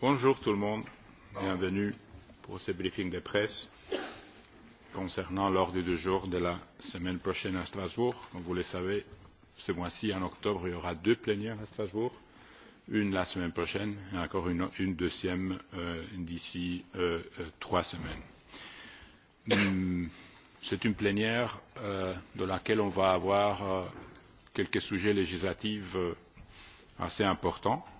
bonjour tout le monde bienvenue pour ce briefing de presse concernant l'ordre du jour de la semaine prochaine à strasbourg. comme vous le savez ce mois ci en octobre il y aura deux plénières à strasbourg une la semaine prochaine et encore une, une deuxième euh, d'ici euh, euh, trois semaines. Hmm, c'est une plénière euh, dans laquelle on va avoir euh, quelques sujets législatifs euh, assez importants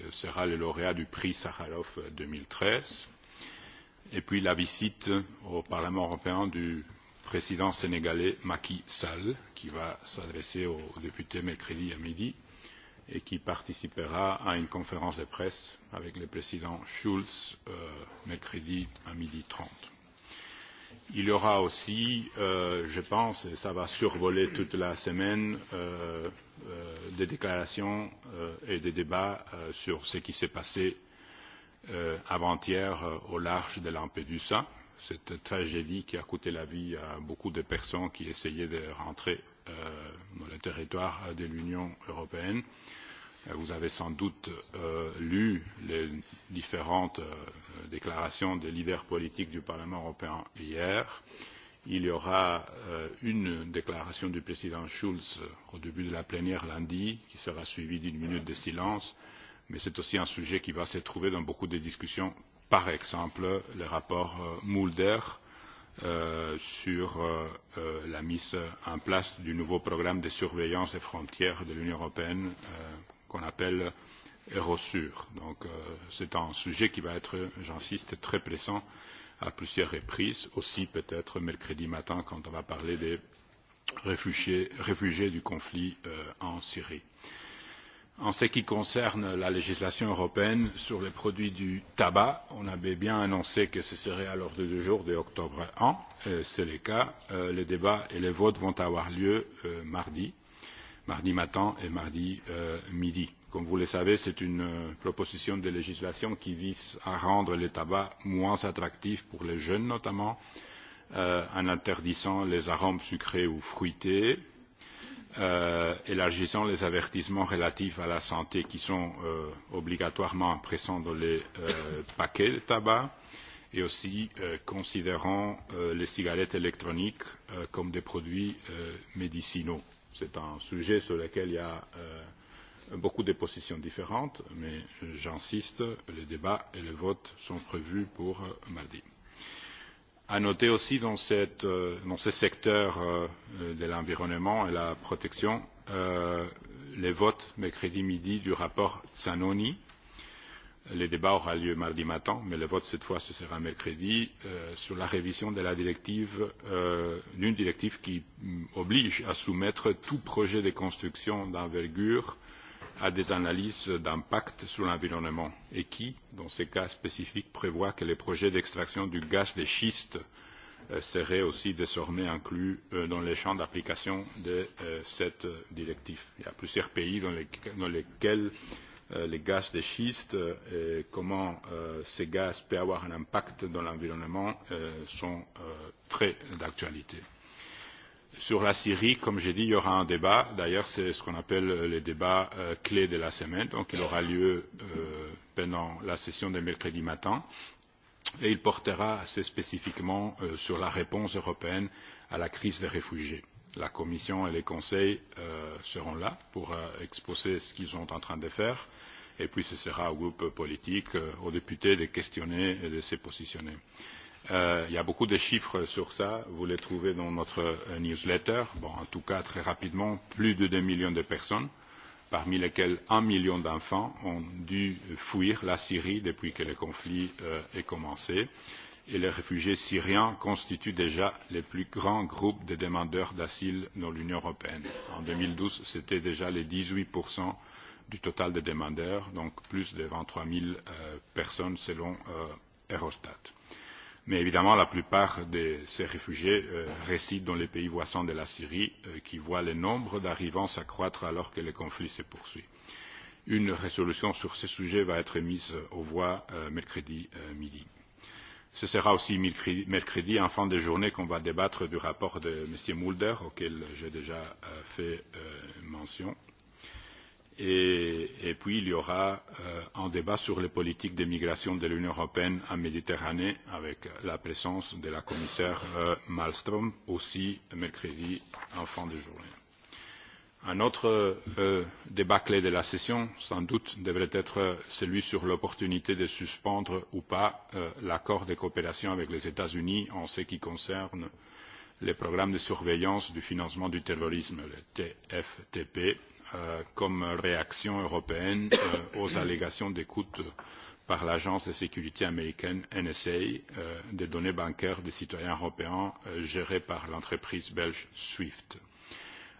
Euh, sera le lauréat du prix Sakharov deux mille treize, et puis la visite au Parlement européen du président sénégalais Macky Sall, qui va s'adresser aux députés mercredi à midi et qui participera à une conférence de presse avec le président Schulz euh, mercredi à midi trente. Il y aura aussi, euh, je pense, et cela va survoler toute la semaine, Euh, des déclarations euh, et des débats euh, sur ce qui s'est passé avant hier au large de lampedusa cette tragédie qui a coûté la vie à beaucoup de personnes qui essayaient de rentrer dans le territoire de l'union européenne. vous avez sans doute lu les différentes déclarations des leaders politiques du parlement européen hier il y aura euh, une déclaration du président schulz euh, au début de la plénière lundi qui sera suivie d'une minute de silence mais c'est aussi un sujet qui va se trouver dans beaucoup de discussions par exemple le rapport euh, mulder sur la mise en place du nouveau programme de surveillance des frontières de l'union européenne qu'on appelle eurosur. donc c'est un sujet qui va être j'insiste très pressant à plusieurs reprises aussi peut être mercredi matin quand on va parler des réfugiés, réfugiés du conflit euh, en syrie. en ce qui concerne la législation européenne sur les produits du tabac on avait bien annoncé que ce serait à l'ordre du jour dès octobre i c'est le cas. Euh, les débats et les votes vont avoir lieu euh, mardi mardi matin et mardi euh, midi comme vous le savez c'est une euh, proposition de législation qui vise à rendre le tabac moins attractif pour les jeunes notamment euh, en interdisant les arômes sucrés ou fruités euh, élargissant les avertissements relatifs à la santé qui sont euh, obligatoirement présents dans les euh, paquets de tabac et aussi euh, considérant les cigarettes électroniques comme des produits médicinaux. C'est un sujet sur lequel il y a beaucoup de positions différentes mais j'insiste le débat et le vote sont prévus pour euh, mardi. à noter aussi dans, cette, euh, dans ce secteur euh, de l'environnement et de la protection euh, le vote mercredi midi du rapport zanoni le débat aura lieu mardi matin mais le vote cette fois ce sera mercredi euh, sur la révision de la directive euh, d'une directive qui oblige à soumettre tout projet de construction d'envergure euh, à des analyses d'impact sur l'environnement et qui dans ces cas spécifiques prévoit que les projets d'extraction du gaz de schiste euh, seraient aussi désormais inclus euh, dans le champ d'application de euh, cette directive. il y a plusieurs pays dans lesquels les gaz de schiste et comment ces gaz peuvent avoir un impact dans l'environnement sont très d'actualité sur la syrie comme j'ai dit il y aura un débat d'ailleurs c'est ce qu'on appelle euh, les débats euh, clés de la semaine donc il aura lieu euh, pendant la session de mercredi matin et il portera assez spécifiquement euh, sur la réponse européenne à la crise des réfugiés. la commission et le conseil euh, seront là pour euh, exposer ce qu'ils sont en train de faire et puis ce sera au groupe politique aux députés de questionner et de se positionner. Euh, il y a beaucoup de chiffres sur cela vous les trouvez dans notre euh, newsletter bon, en tout cas très rapidement plus de deux millions de personnes parmi lesquelles un million d'enfants ont dû fuir la syrie depuis que le conflit euh, a commencé et les réfugiés syriens constituent déjà le plus grand groupe de demandeurs d'asile dans l'union européenne. en deux mille douze c'était déjà les dix huit du total des demandeurs donc plus de vingt trois zéro euh, personnes selon euh, eurostat mais évidemment la plupart de ces réfugiés euh, résident dans les pays voisins de la Syrie euh, qui voient le nombre d'arrivants s'accroître alors que le conflit se poursuit. Une résolution sur ce sujet va être mise aux voix euh, mercredi euh, midi. Ce sera aussi mercredi, en fin de journée, qu'on va débattre du rapport de M. Mulder, auquel j'ai déjà euh, fait euh, mention et, et puis il y aura euh, un débat sur les politiques de migration de l'Union européenne en Méditerranée avec la présence de la commissaire euh, Malmström aussi mercredi en fin de journée. Un autre euh, débat clé de la session, sans doute, devrait être euh, celui sur l'opportunité de suspendre ou pas euh, l'accord de coopération avec les États-Unis en ce qui concerne le programme de surveillance du financement du terrorisme, le TFTP, Euh, comme réaction européenne euh, aux allégations d'écoute par l'agence de sécurité américaine NSA euh, des données bancaires des citoyens européens gérées par l'entreprise belge SWIFT.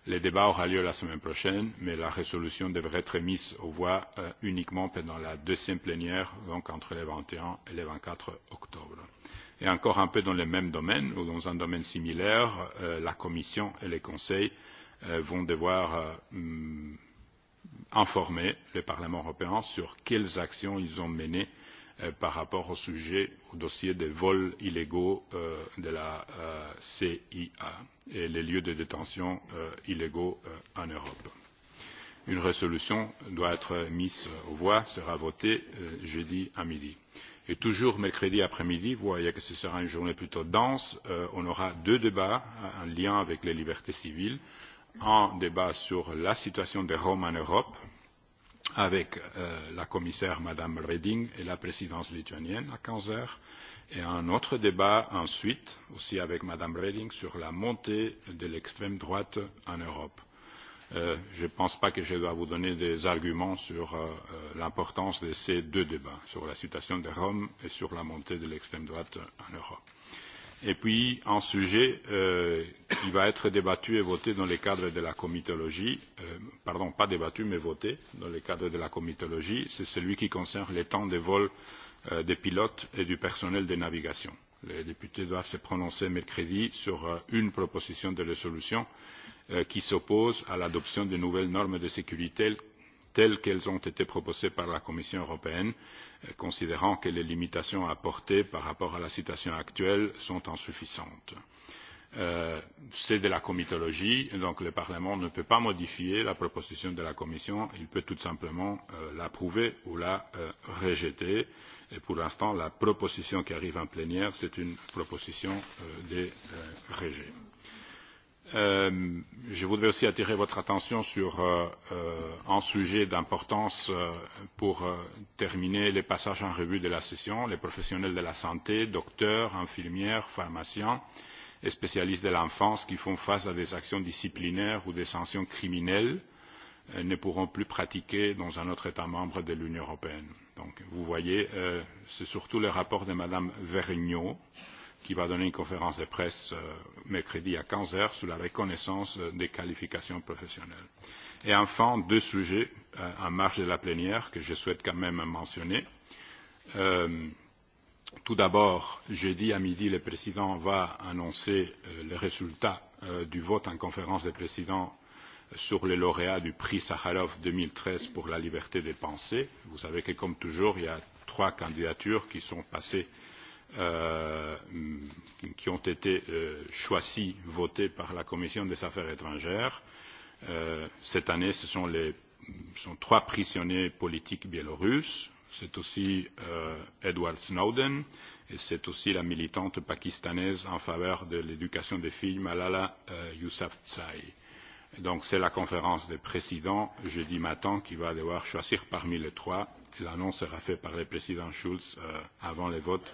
Le débat aura lieu la semaine prochaine, mais la résolution devrait être mise aux voix uniquement pendant la deuxième plénière, donc entre le vingt et un et le vingt quatre octobre. Et encore un peu dans le même domaine ou dans un domaine similaire, la Commission et le Conseil Euh, vont devoir euh, informer le parlement européen sur les actions qu'ils ont menées euh, par rapport au sujet au dossier des vols illégaux de la cia et les lieux de détention illégaux en europe. une résolution doit être mise aux voix sera votée jeudi à midi. Et toujours mercredi après midi, vous voyez que ce sera une journée plutôt dense, on aura deux débats en lien avec les libertés civiles un débat sur la situation des Roms en Europe avec euh, la commissaire Madame Reding et la présidence lituanienne à 15 heures et un autre débat ensuite aussi avec Madame Reding sur la montée de l'extrême droite en Europe. Euh, je ne pense pas que je dois vous donner des arguments sur euh, euh, l'importance de ces deux débats, sur la situation des Roms et sur la montée de l'extrême droite en Europe et puis un sujet euh, qui va être débattu et voté dans le cadre de la comitologie euh, pardon pas débattu mais voté dans le cadre de la comitologie c'est celui qui concerne les temps de vol euh, des pilotes et du personnel de navigation. les députés doivent se prononcer mercredi sur euh, une proposition de résolution euh, qui s'oppose à l'adoption de nouvelles normes de sécurité telles qu'elles ont été proposées par la Commission européenne, euh, considérant que les limitations apportées par rapport à la situation actuelle sont insuffisantes. Euh, C'est de la comitologie, donc le Parlement ne peut pas modifier la proposition de la Commission, il peut tout simplement euh, l'approuver ou la euh, rejeter. Et pour l'instant, la proposition qui arrive en plénière, c'est une proposition euh, de euh, rejet. Euh, je voudrais aussi attirer votre attention sur euh, euh un sujet d'importance euh, pour euh, terminer les passages en revue de la session les professionnels de la santé docteurs infirmières pharmaciens et spécialistes de l'enfance qui font face à des actions disciplinaires ou des sanctions criminelles ne pourront plus pratiquer dans un autre état membre de l'union européenne. Donc, vous voyez c'est surtout le rapport de mme vergnaud qui va donner une conférence de presse euh, mercredi à quinze heures sur la reconnaissance euh, des qualifications professionnelles. Et enfin, deux sujets euh, en marge de la plénière que je souhaite quand même mentionner. Euh, tout d'abord, jeudi à midi, le président va annoncer les résultats du vote en conférence des présidents sur les lauréats du prix Sakharov deux mille treize pour la liberté de penser. Vous savez que, comme toujours, il y a trois candidatures qui sont passées Euh, qui ont été euh, choisis, votés par la Commission des affaires étrangères. Euh, cette année, ce sont, les, sont trois prisonniers politiques biélorusses. C'est aussi euh, Edward Snowden et c'est aussi la militante pakistanaise en faveur de l'éducation des filles Malala euh, Yousafzai. Donc c'est la conférence des présidents jeudi matin qui va devoir choisir parmi les trois. L'annonce sera faite par le président Schulz euh, avant les votes.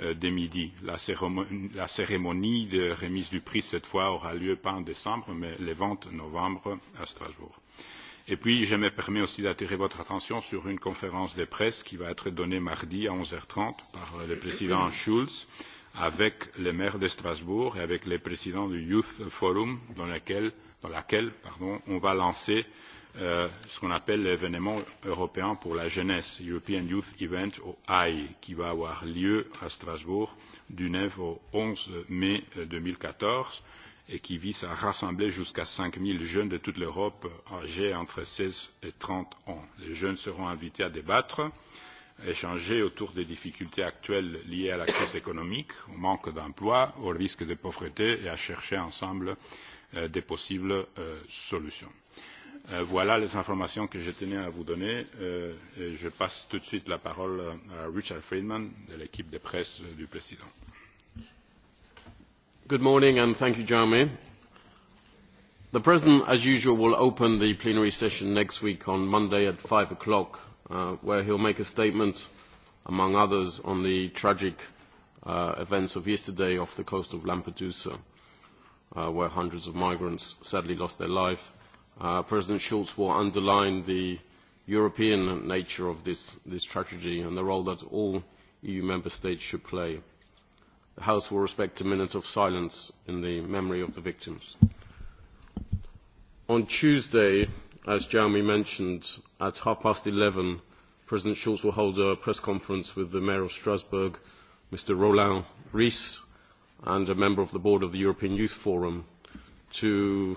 Euh, de midi. La cérémonie, la cérémonie de remise du prix, cette fois, aura lieu pas en décembre, mais le vingt novembre à Strasbourg. Et puis, je me permets aussi d'attirer votre attention sur une conférence de presse qui va être donnée mardi à onze h trente par le président Schulz avec le maire de Strasbourg et avec le président du Youth Forum dans, laquelle, dans laquelle pardon, on va lancer Euh, ce qu'on appelle l'événement européen pour la jeunesse, European Youth Event au eye qui va avoir lieu à Strasbourg du neuf au onze mai euh, deux mille quatorze et qui vise à rassembler jusqu'à cinq 000 jeunes de toute l'Europe âgés entre seize et trente ans. Les jeunes seront invités à débattre, à échanger autour des difficultés actuelles liées à la crise économique, au manque d'emploi, au risque de pauvreté et à chercher ensemble euh, de possibles solutions. Euh, voilà les informations que je tenais à vous donner euh, et je passe tout de suite la parole à richard friedman de l'équipe de presse du président. good morning and thank you jeremy. the president as usual will open the plenary session next week on monday at five o'clock uh, where he will make a statement among others on the tragic uh, events of yesterday off the coast of lampedusa uh, where hundreds of migrants sadly lost their life Uh, President Schulz will underline the European nature of this, this and the role that all EU member states should play. The House will respect a minute of silence in the memory of the victims. On Tuesday, as Jeremy mentioned, at half past eleven, President Schulz will hold a press conference with the Mayor of Strasbourg, Mr. Roland Ries, and a member of the board of the European Youth Forum to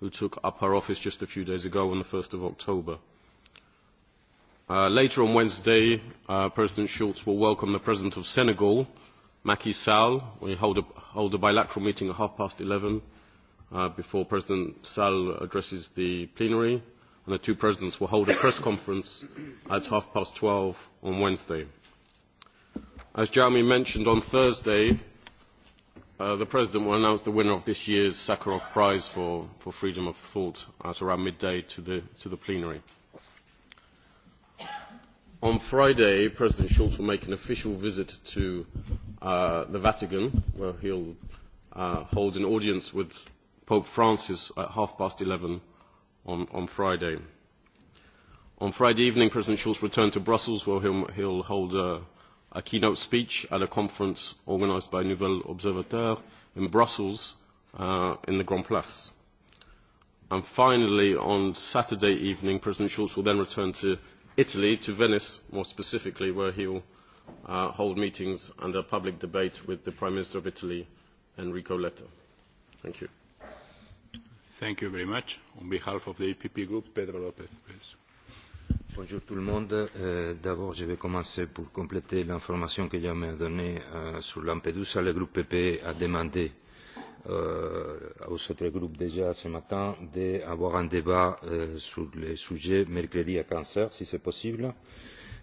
who took up her office just a few days ago on the 1st of October. Uh, later on Wednesday, uh, President Schultz will welcome the President of Senegal, Macky Sall. We hold a, hold a bilateral meeting at half past 11 uh, before President Sall addresses the plenary, and the two presidents will hold a press conference at half past 12 on Wednesday. As Jeremy mentioned, on Thursday, Uh, the President will announce the winner of this year's Sakharov Prize for, for Freedom of Thought at around midday to the, to the plenary. On Friday, President Schulz will make an official visit to uh, the Vatican, where he'll uh, hold an audience with Pope Francis at half past 11 on, on Friday. On Friday evening, President Schulz returned to Brussels, where he'll, he'll hold a a keynote speech at a conference organised by Nouvel Observateur in Brussels uh, in the Grand Place. And finally, on Saturday evening, President Schulz will then return to Italy, to Venice more specifically, where he will uh, hold meetings and a public debate with the Prime Minister of Italy, Enrico Letta. Thank you. Thank you very much. On behalf of the EPP group, Pedro Lopez, please. Bonjour tout le monde. Euh, D'abord, je vais commencer pour compléter l'information que Yann m'a donnée euh, sur Lampedusa. Le groupe PPE a demandé euh, aux autres groupes déjà ce matin d'avoir un débat euh, sur le sujet mercredi à 15 si c'est possible.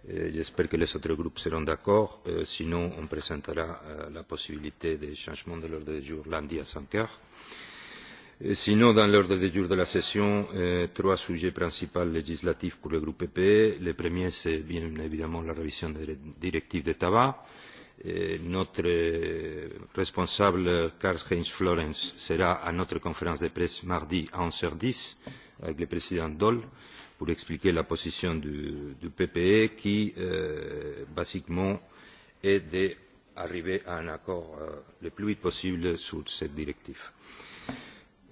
J'espère que les autres groupes seront d'accord. Euh, sinon, on présentera euh, la possibilité des changements de l'ordre du jour lundi à 5 heures Eh, sinon dans l'ordre du jour de la session eh, trois sujets principaux législatifs pour le groupe ppe. E. le premier c'est bien évidemment la révision de la directive sur le tabac. notre eh, responsable karl heinz florenz sera à notre conférence de presse mardi à onze heures dix avec le président daul pour expliquer la position du, du ppe qui euh, basiquement est d'arriver à un accord euh, le plus vite possible sur cette directive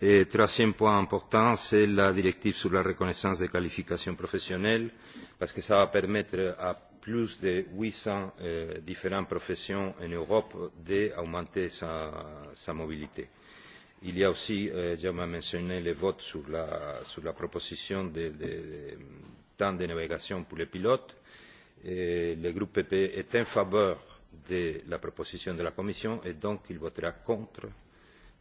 Et troisième point important, c'est la directive sur la reconnaissance des qualifications professionnelles, parce que cela va permettre à plus de huit cents euh, différentes professions en Europe d'augmenter sa, mobilité. Il y a aussi, euh, j'ai mentionné le vote sur la, proposition de, temps de navigation pour les pilotes. Et le groupe PPE est en faveur de la proposition de la Commission et donc il votera contre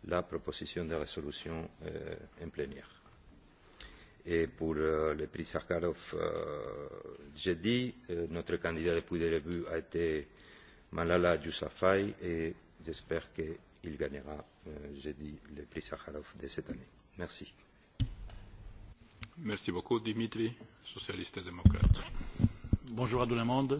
la proposition de résolution euh, en plénière. Et pour euh, le prix Sakharov, euh, j'ai dit, euh, notre candidat depuis le début a été Malala Yousafzai et j'espère qu'il gagnera, euh, j'ai dit, le prix Sakharov de cette année. Merci. Merci beaucoup, Dimitri, socialiste et démocrate. Bonjour à tout le monde. Euh,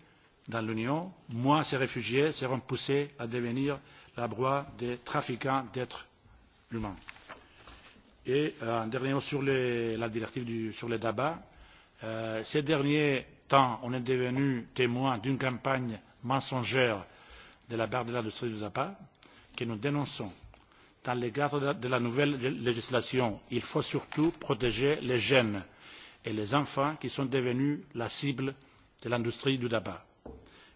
dans l'Union, moins ces réfugiés seront poussés à devenir la proie des trafiquants d'êtres humains. Et en euh, dernier mot sur les, la directive du, sur le tabac, euh, ces derniers temps, on est devenu témoin d'une campagne mensongère de la part de l'industrie du tabac que nous dénonçons. Dans le cadre de la nouvelle législation, il faut surtout protéger les jeunes et les enfants qui sont devenus la cible de l'industrie du tabac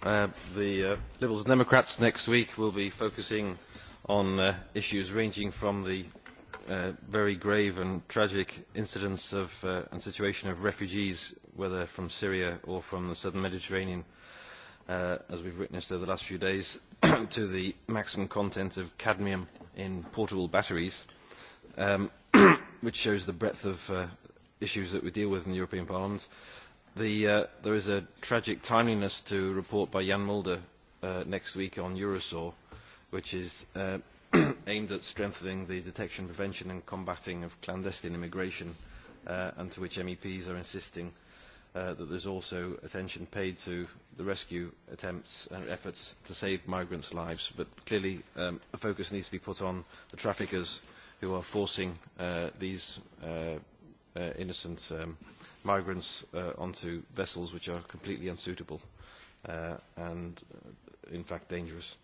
Uh, the uh, Liberals and Democrats next week will be focusing on uh, issues ranging from the very grave and tragic incidents of, and situation of refugees, whether from Syria or from the southern Mediterranean, as we have witnessed over the last few days, to the maximum content of cadmium in portable batteries, um, which shows the breadth of with issues that we deal with in the European Parliament. The, uh, there is a tragic timeliness to report by Jan Mulder uh, next week on Eurosor, which is uh, aimed at strengthening the detection, prevention and combating of clandestine immigration, uh, and to which MEPs are insisting uh, that there's also attention paid to the rescue attempts and efforts to save migrants' lives. But clearly um, a focus needs to be put on the traffickers who are forcing uh, these uh, uh, innocent um, migrants uh, onto vessels which are completely unsuitable uh, and, uh, in fact, dangerous.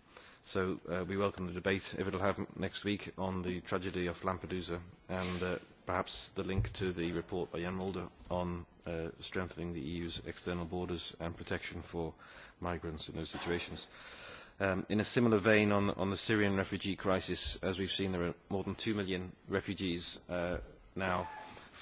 So uh, we welcome the debate, if it will happen next week, on the tragedy of Lampedusa and uh, perhaps the link to the report by Jan Mulder on uh, strengthening the EU's external borders and protection for migrants in those situations. Um, in a similar vein on, on the Syrian refugee crisis, as we've seen, there are more than 2 million refugees uh, now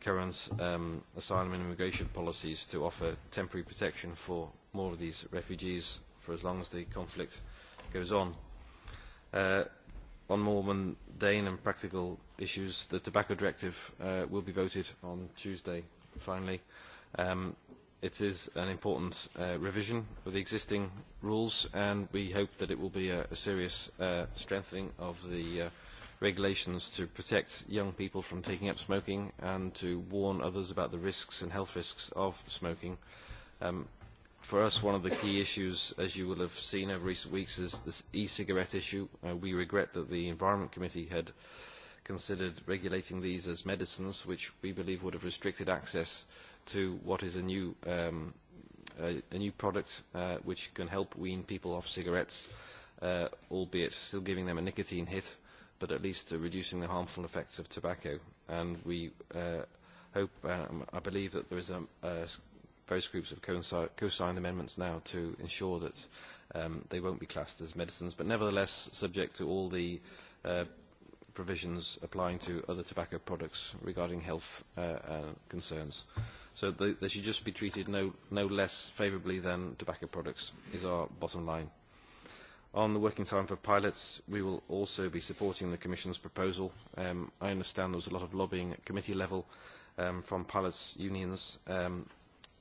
current um, asylum and immigration policies to offer temporary protection for more of these refugees for as long as the conflict goes on. Uh, on more mundane and practical issues, the tobacco directive uh, will be voted on Tuesday, finally. Um, it is an important uh, revision of the existing rules, and we hope that it will be a, a serious uh, strengthening of the uh, regulations to protect young people from taking up smoking and to warn others about the risks and health risks of smoking. Um, for us, one of the key issues, as you will have seen over recent weeks, is this e-cigarette issue. Uh, we regret that the Environment Committee had considered regulating these as medicines, which we believe would have restricted access to what is a new, um, a, a new product uh, which can help wean people off cigarettes, uh, albeit still giving them a nicotine hit but at least uh, reducing the harmful effects of tobacco. And we uh, hope, um, I believe that there is a, various groups have co-signed co amendments now to ensure that um, they won't be classed as medicines, but nevertheless subject to all the uh, provisions applying to other tobacco products regarding health uh, uh, concerns. So they, they should just be treated no, no less favourably than tobacco products is our bottom line. On the working time for pilots, we will also be supporting the Commission's proposal. Um, I understand there was a lot of lobbying at committee level um, from pilots' unions. Um,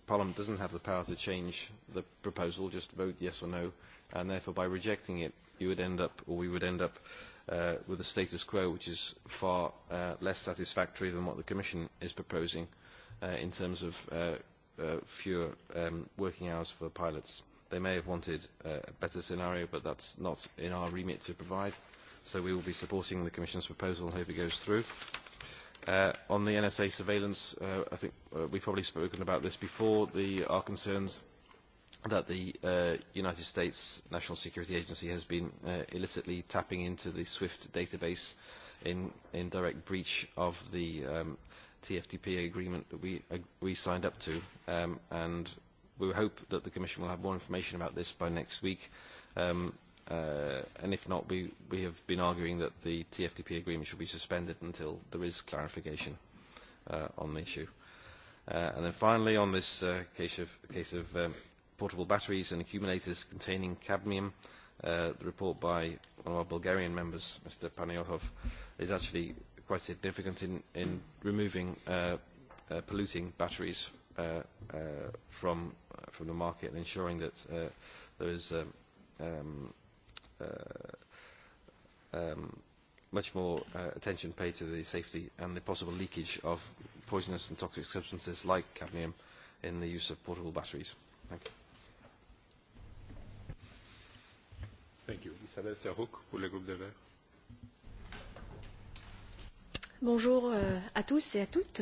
Parliament doesn't have the power to change the proposal, just vote yes or no, and therefore by rejecting it, you would end up, or we would end up, uh, with a status quo which is far uh, less satisfactory than what the Commission is proposing uh, in terms of uh, uh, fewer um, working hours for pilots. They may have wanted uh, a better scenario, but that's not in our remit to provide. So we will be supporting the Commission's proposal and hope it goes through. Uh, on the NSA surveillance, uh, I think uh, we've probably spoken about this before. The, our concerns that the uh, United States National Security Agency has been uh, illicitly tapping into the SWIFT database in, in direct breach of the um, TFTP agreement that we, uh, we signed up to. Um, and we hope that the Commission will have more information about this by next week. Um, uh, and if not, we, we have been arguing that the TFTP agreement should be suspended until there is clarification uh, on the issue. Uh, and then finally, on this uh, case of, case of um, portable batteries and accumulators containing cadmium, uh, the report by one of our Bulgarian members, Mr. Panayotov, is actually quite significant in, in removing uh, uh, polluting batteries uh, uh, from Uh, from the market and ensuring that uh, there is um, um, uh, um, much more uh, attention paid to the safety and the possible leakage of poisonous and toxic substances like cadmium in the use of portable batteries. Thank you. Thank you. Isabel Serrouk pour le groupe de Verts. Bonjour euh, à tous et à toutes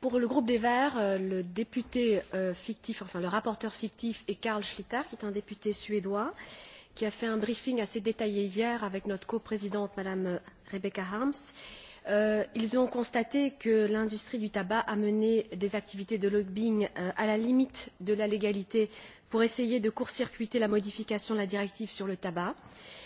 Pour le groupe des Verts, euh, le député euh, fictif, enfin le rapporteur fictif est Karl Schlitter, qui est un député suédois, qui a fait un briefing assez détaillé hier avec notre coprésidente, Madame euh, Rebecca Harms. Euh, ils ont constaté que l'industrie du tabac a mené des activités de lobbying euh, à la limite de la légalité pour essayer de court-circuiter la modification de la directive sur le tabac. Euh,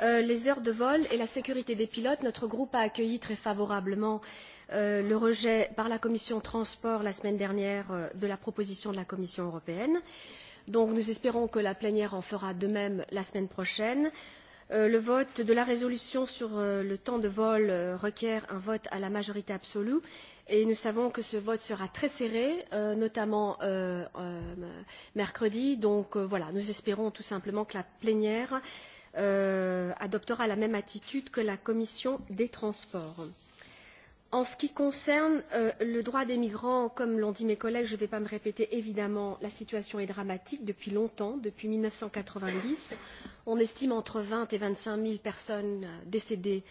euh, les heures de vol et la sécurité des pilotes, notre groupe a accueilli très favorablement euh, le rejet par la commission transport la semaine dernière euh, de la proposition de la Commission européenne. Donc nous espérons que la plénière en fera de même la semaine prochaine. Euh, le vote de la résolution sur euh, le temps de vol euh, requiert un vote à la majorité absolue et nous savons que ce vote sera très serré euh, notamment euh, euh, mercredi donc voilà nous espérons tout simplement que la plénière Euh, adoptera la même attitude que la commission des transports. En ce qui concerne euh, le droit des migrants, comme l'ont dit mes collègues, je ne vais pas me répéter évidemment, la situation est dramatique depuis longtemps, depuis mille neuf cent quatre-vingt-dix, On estime entre vingt et vingt cinq zéro personnes euh, décédées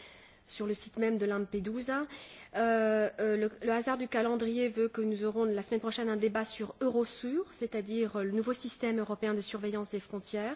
sur le site même de Lampedusa. le, hasard du calendrier veut que nous aurons la semaine prochaine un débat sur Eurosur, c'est-à-dire le nouveau système européen de surveillance des frontières.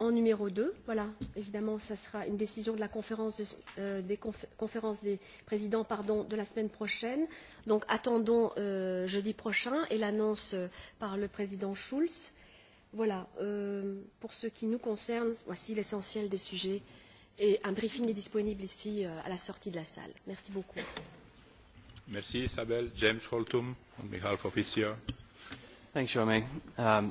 en numéro deux voilà évidemment ce sera une décision de la conférence de, euh, des, conférence des présidents pardon, de la semaine prochaine donc attendons euh, jeudi prochain et l'annonce euh, par le président Schulz voilà euh, pour ce qui nous concerne voici l'essentiel des sujets et un briefing est disponible ici euh, à la sortie de la salle merci beaucoup merci isabelle. James Holtum on behalf of Thanks, Jeremy. Um,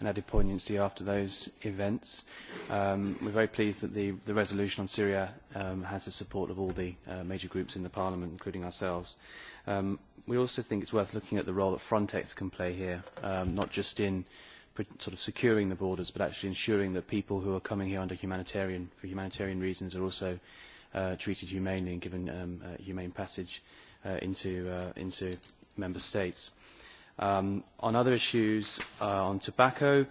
and added poignancy after those events. Um, we're very pleased that the, the resolution on Syria um, has the support of all the uh, major groups in the Parliament, including ourselves. Um, we also think it's worth looking at the role that Frontex can play here, um, not just in sort of securing the borders, but actually ensuring that people who are coming here under humanitarian, for humanitarian reasons are also uh, treated humanely and given um, uh, humane passage uh, into, uh, into member states. Um, on other issues, uh, on tobacco,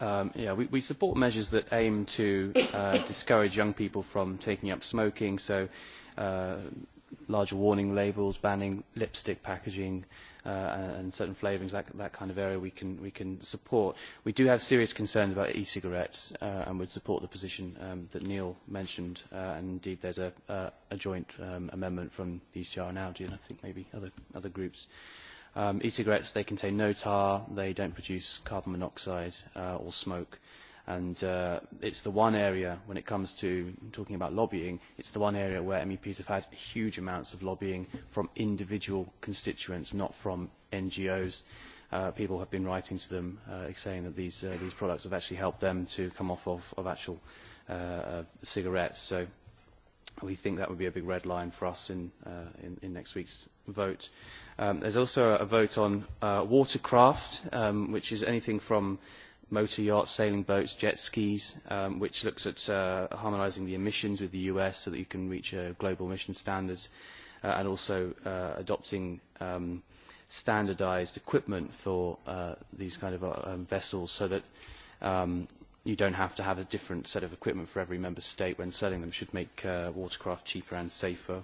um, yeah, we, we support measures that aim to uh, discourage young people from taking up smoking, so uh, larger warning labels, banning lipstick packaging uh, and certain flavourings, that, that kind of area we can, we can support. We do have serious concerns about e-cigarettes uh, and would support the position um, that Neil mentioned. Uh, and indeed, there's a, uh, a joint um, amendment from the ECR and Audi and I think maybe other, other groups. Uh, Um, E-cigarettes, they contain no tar, they don't produce carbon monoxide uh, or smoke. And uh, it's the one area, when it comes to talking about lobbying, it's the one area where MEPs have had huge amounts of lobbying from individual constituents, not from NGOs. Uh, people have been writing to them uh, saying that these, uh, these products have actually helped them to come off of, of actual uh, uh, cigarettes. So we think that would be a big red line for us in, uh, in, in next week's vote. Um, there's also a vote on uh, watercraft, um, which is anything from motor yachts, sailing boats, jet skis, um, which looks at uh, harmonising the emissions with the US so that you can reach a global emission standards, uh, and also uh, adopting um, standardised equipment for uh, these kind of uh, um, vessels so that um, you don't have to have a different set of equipment for every member state when selling them should make uh, watercraft cheaper and safer.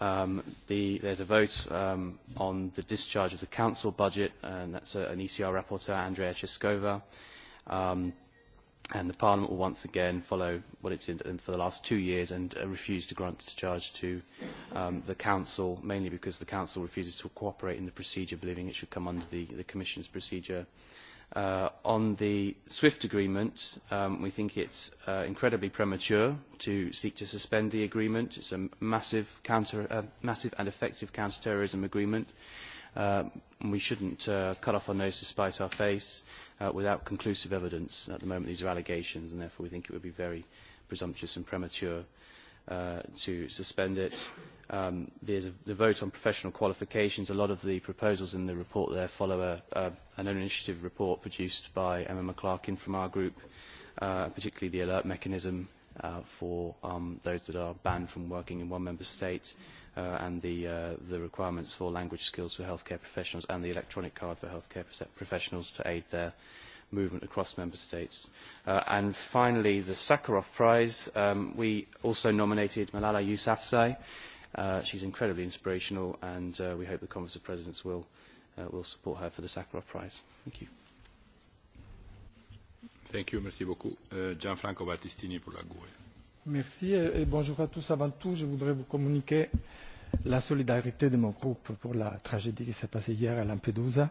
Um, the, there's a vote um, on the discharge of the council budget, and that's a, an ECR rapporteur, Andrea Cheskova. Um, and the Parliament will once again follow what it did for the last two years and uh, refuse to grant discharge to um, the Council, mainly because the Council refuses to cooperate in the procedure, believing it should come under the, the Commission's procedure. Uh, Uh, on the SWIFT agreement, um, we think it's uh, incredibly premature to seek to suspend the agreement. It's a massive, counter, uh, massive and effective counterterrorism agreement. Uh, and we shouldn't uh, cut off our nose to spite our face uh, without conclusive evidence. At the moment, these are allegations, and therefore we think it would be very presumptuous and premature. Uh, Uh, to suspend it. Um, there's a, the vote on professional qualifications. A lot of the proposals in the report there follow a, an own initiative report produced by Emma McClarkin from our group, uh, particularly the alert mechanism uh, for um, those that are banned from working in one member state uh, and the, uh, the requirements for language skills for healthcare professionals and the electronic card for healthcare professionals to aid their movement across member states. Uh, and finally, the Sakharov Prize. Um, we also nominated Malala Yousafzai. Uh, She is incredibly inspirational, and uh, we hope the Conference of Presidents will, support her for the Sakharov Prize. Thank you. Thank you, merci beaucoup. Gianfranco Battistini pour la GUE. Merci et, bonjour à tous. Avant tout, je voudrais vous communiquer la solidarité de mon groupe pour la tragédie qui s'est passée hier à Lampedusa.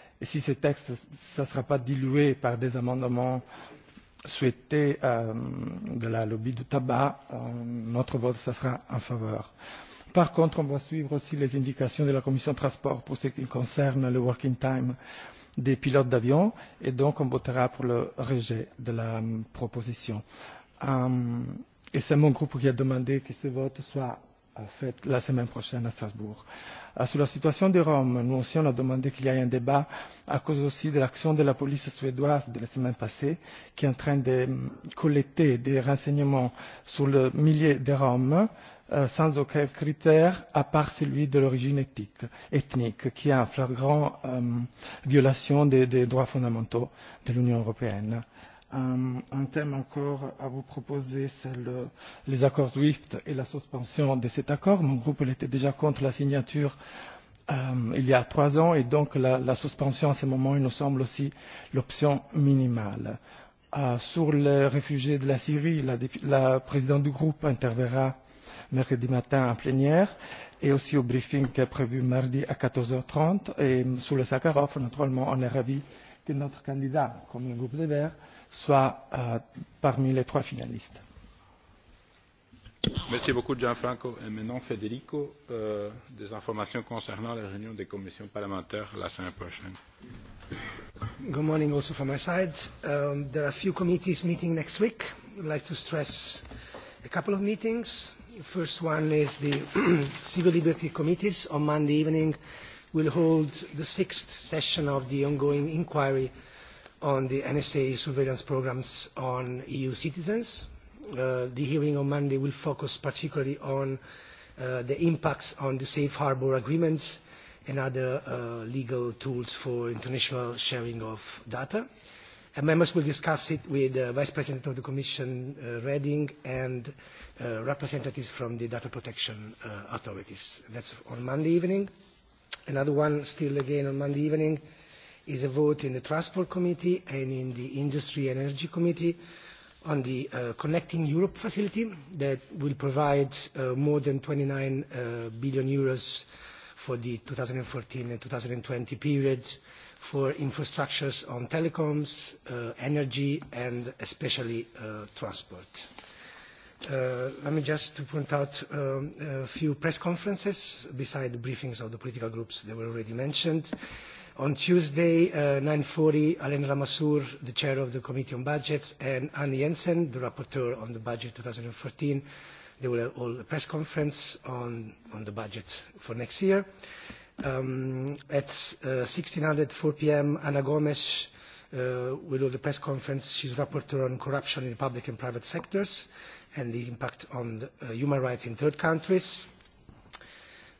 Et si ce texte ne sera pas dilué par des amendements souhaités euh, de la lobby du tabac, euh, notre vote ça sera en faveur. Par contre, on va suivre aussi les indications de la Commission de transport pour ce qui concerne le working time des pilotes d'avion et donc on votera pour le rejet de la euh, proposition. Euh, et c'est mon groupe qui a demandé que ce vote soit en fait, la semaine prochaine à Strasbourg. Euh, sur la situation des Roms, nous aussi, on a demandé qu'il y ait un débat à cause aussi de l'action de la police suédoise de la semaine passée, qui est en train de collecter des renseignements sur le millier de Roms euh, sans aucun critère à part celui de l'origine ethnique, ethnique, qui est en flagrant euh, violation des, des droits fondamentaux de l'Union européenne un, un thème encore à vous proposer, c'est le, les accords SWIFT et la suspension de cet accord. Mon groupe était déjà contre la signature euh, il y a trois ans et donc la, la suspension à ce moment il nous semble aussi l'option minimale. Euh, sur les réfugiés de la Syrie, la, la présidente du groupe interverra mercredi matin en plénière et aussi au briefing qui est prévu mardi à 14h30. Et sur le Sakharov, naturellement, on est ravis que notre candidat, comme le groupe des Verts, soit euh, parmi les trois finalistes. Merci beaucoup Gianfranco. Et maintenant Federico, euh, des informations concernant la réunion des commissions parlementaires la semaine prochaine. Good morning also from my side. Um, there are a few committees meeting next week. I'd like to stress a couple of meetings. The first one is the Civil Liberty Committees on Monday evening will hold the sixth session of the ongoing inquiry on the NSA surveillance programs on EU citizens. Uh, the hearing on Monday will focus particularly on uh, the impacts on the safe harbour agreements and other uh, legal tools for international sharing of data. And members will discuss it with the uh, Vice President of the Commission, uh, Reading, and uh, representatives from the data protection uh, authorities. That's on Monday evening. Another one still again on Monday evening is a vote in the Transport Committee and in the Industry and Energy Committee on the uh, Connecting Europe facility that will provide uh, more than 29 uh, billion euros for the 2014 and 2020 period for infrastructures on telecoms, uh, energy, and especially uh, transport. Uh, let me just to point out um, a few press conferences beside the briefings of the political groups that were already mentioned. Uh, on Tuesday, uh, 9.40, Alain Ramassour, the chair of the Committee on Budgets, and Anne Jensen, the rapporteur on the budget 2014, they will hold a press conference on, on the budget for next year. Um, at uh, 1604 p.m., Anna Gomes uh, will hold a press conference. She's rapporteur on corruption in the public and private sectors and the impact on the, uh, human rights in third countries.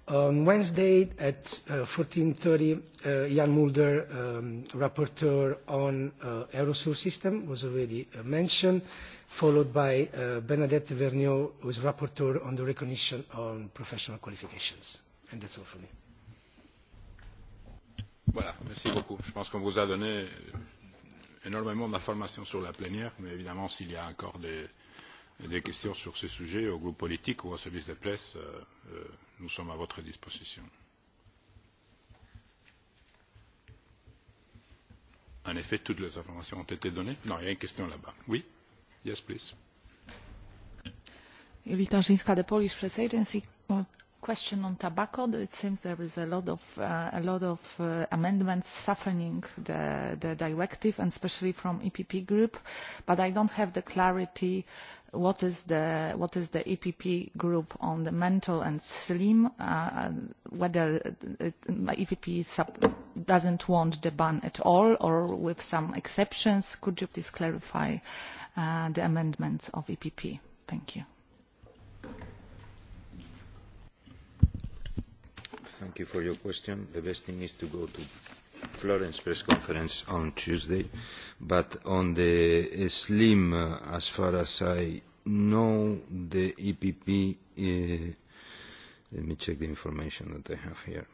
On um, Wednesday at uh, 14.30, uh, Jan Mulder, um, rapporteur on uh, Aerosur system, was already uh, mentioned, followed by uh, Bernadette Vergniaud, who is rapporteur on the recognition on professional qualifications. And that's all for me. Voilà, merci beaucoup. Je pense qu'on vous a donné euh, énormément d'informations sur la plénière, mais évidemment, s'il y a encore des des questions sur ces sujets aux groupes politiques ou aux services de presse euh, euh, nous sommes à votre disposition. En effet, toutes les informations ont été données. Non, il y a une question là-bas. Oui? Yes, please. Julita Żyńska, the Polish Press Agency question on tobacco it seems there is a lot of uh, a lot of uh, amendments softening the the directive and especially from EPP group but i don't have the clarity what is the what is the EPP group on the mental and slim uh, whether it, EPP sub doesn't want the ban at all or with some exceptions could you please clarify uh, the amendments of EPP thank you Thank you for your question. The best thing is to go to Florence press conference on Tuesday, but on the uh, slim, uh, as far as I know, the EPP, uh, let me check the information that I have here,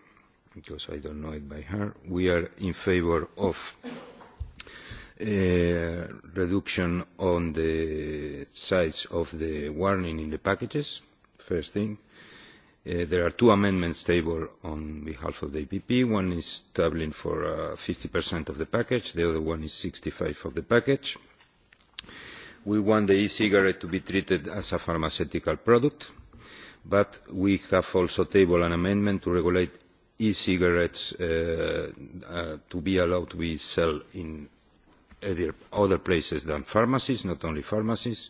because I don't know it by heart. We are in favor of a uh, reduction on the size of the warning in the packages, first thing Uh, there are two amendments tabled on behalf of the EPP. One is tabling for uh, fifty of the package. The other one is sixty five of the package. We want the e-cigarette to be treated as a pharmaceutical product, but we have also tabled an amendment to regulate e-cigarettes uh, uh, to be allowed to be sold in other places than pharmacies, not only pharmacies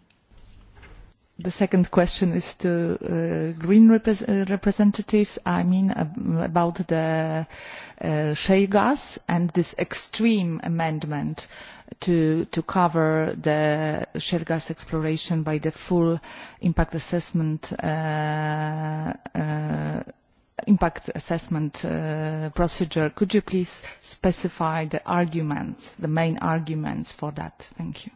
the second question is to uh, green rep uh, representatives i mean um, about the uh, shale gas and this extreme amendment to to cover the shale gas exploration by the full impact assessment uh, uh, impact assessment uh, procedure could you please specify the arguments the main arguments for that thank you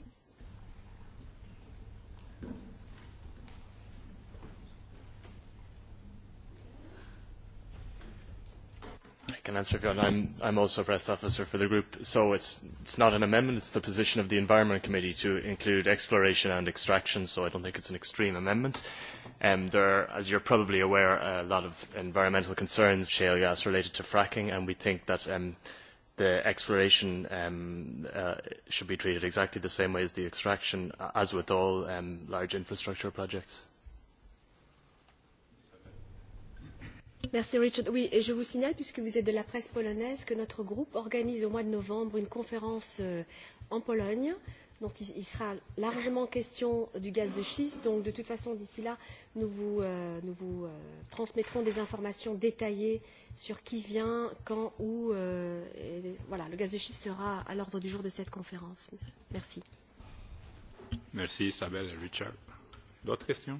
can answer if you want. I'm, I'm also a press officer for the group, so it's, it's not an amendment, it's the position of the Environment Committee to include exploration and extraction, so I don't think it's an extreme amendment. Um, there are, as you're probably aware, a lot of environmental concerns, shale gas related to fracking, and we think that um, the exploration um, uh, should be treated exactly the same way as the extraction, as with all um, large infrastructure projects. Merci Richard. Oui, et je vous signale, puisque vous êtes de la presse polonaise, que notre groupe organise au mois de novembre une conférence euh, en Pologne dont il sera largement question du gaz de schiste. Donc, de toute façon, d'ici là, nous vous, euh, nous vous euh, transmettrons des informations détaillées sur qui vient, quand, où. Euh, et, voilà, le gaz de schiste sera à l'ordre du jour de cette conférence. Merci. Merci Isabelle et Richard. D'autres questions